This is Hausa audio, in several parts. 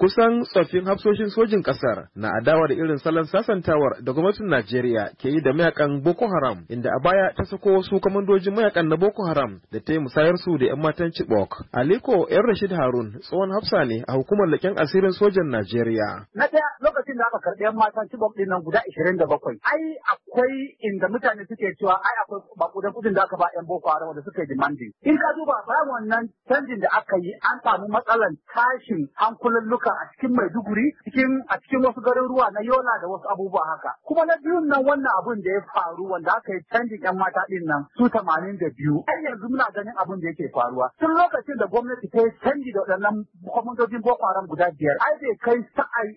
kusan tsoffin hafsoshin sojin kasar na adawa da irin salon sasantawar da gwamnatin Najeriya ke yi da mayakan Boko Haram inda a baya ta sako wasu kwamandojin mayakan na Boko Haram da ta yi musayar su da 'yan matan Chibok. Aliko 'yan Rashid Harun tsohon hafsa ne a hukumar laƙen asirin sojan Najeriya. Na lokacin da aka karɓi yan matan cibok ɗin nan guda ishirin da bakwai. Ai akwai inda mutane suke cewa ai akwai bakudan kudin da aka ba yan boko haram da suka yi demanding. In ka duba bayan wannan canjin da aka yi an samu matsalan tashin hankulan luka a cikin Maiduguri cikin a cikin wasu garuruwa na Yola da wasu abubuwa haka. Kuma na biyun nan wannan abun da ya faru wanda aka yi canjin yan mata ɗin nan su tamanin da biyu. yanzu muna ganin abun da yake faruwa. Tun lokacin da gwamnati ta yi canji da waɗannan kwamandojin boko haram guda biyar. Ai bai kai sa'ai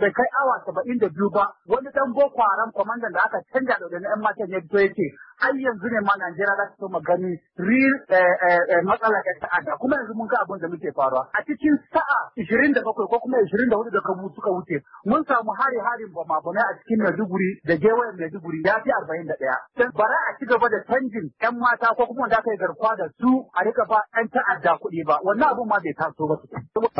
bai kai awa saba'in da biyu ba wani dan boko haram kwamandan da aka canja da wani yan matan ya fito ai yanzu ne ma Najeriya za ta so magani real eh, eh, eh, matsala ta ta'adda kuma yanzu mun ga abin da muke faruwa a cikin sa'a da bakwai ko kuma ishirin da kabu suka wuce mun samu hari harin bama bama a cikin Maiduguri da gewayen Maiduguri ya fi arba'in da ɗaya. bara a ci gaba da canjin yan mata ko kuma wanda aka yi garkuwa da su a rika ba yan ta'adda kuɗi ba wannan abun ma bai taso ba su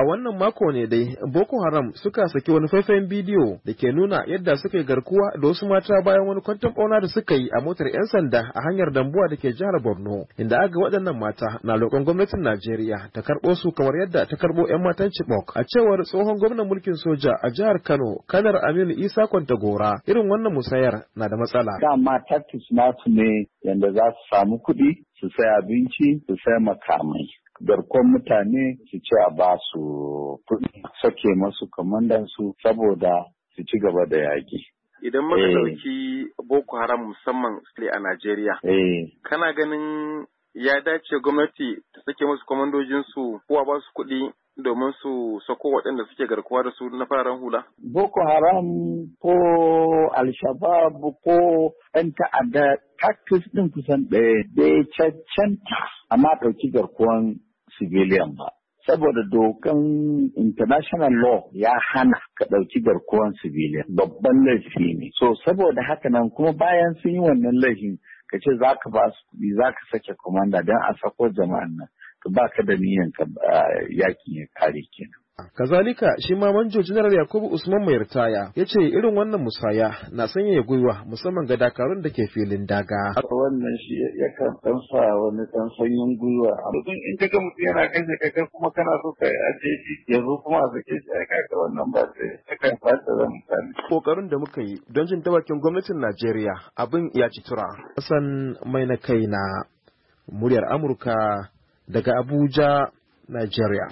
A wannan mako ne dai Boko Haram suka saki wani faifayen bidiyo da ke nuna yadda suka yi garkuwa da wasu mata bayan wani kwantar bauna da suka yi a motar 'yan sanda a hanyar Dambuwa da ke jihar Borno inda aka ga waɗannan mata na lokan gwamnatin Najeriya ta karɓo su kamar yadda ta karɓo 'yan matan Chibok a cewar tsohon gwamnan mulkin soja a jihar Kano Kanar Aminu Isa Kwantagora irin wannan musayar na da matsala. Dama nasu ne yanda za su samu kuɗi su sai abinci su sai makamai garkon mutane su ce a ba su kuɗi sake masu kamandansu saboda su ci gaba da yaƙi. Idan muka eh. ɗauki Boko Haram musamman a Najeriya, eh. kana ganin ya dace gwamnati ta sake masu kwamandojinsu ko a ba su kuɗi domin su sako waɗanda suke garkuwa da su na fararen hula? Boko Haram ko Al-Shabaab ko ‘yan ta'adda taktis ɗin kusan ɗaya da cancanta amma ɗauki garkuwan civilian ba. Saboda dokan international law ya hana ka ɗauki garkuwan civilian babban laifi ne. So saboda haka nan kuma bayan sun yi wannan laifin ka ce za ka ba su kuɗi za ka sake komanda don a sako jama'an nan. ka Ba ka da niyan ka ah, yakin ya kare kenan. Kazalika shi ma manjo Janar Yakubu Usman mai ritaya ya ce irin wannan musaya na sanya ya gwiwa musamman ga dakarun da ke filin daga. Wannan shi yakan ɗan sa wani ɗan sanyin gwiwa. Mutum in ka ga mutum yana kashe kaga kuma kana so ka aje shi ya zo kuma a sake shi ka kaga wannan ba sai yakan fata da mutane. Kokarin da muka yi don jin dawakin gwamnatin Najeriya abin ya ci tura. Hassan mai na kai na muryar Amurka daga Abuja, Najeriya.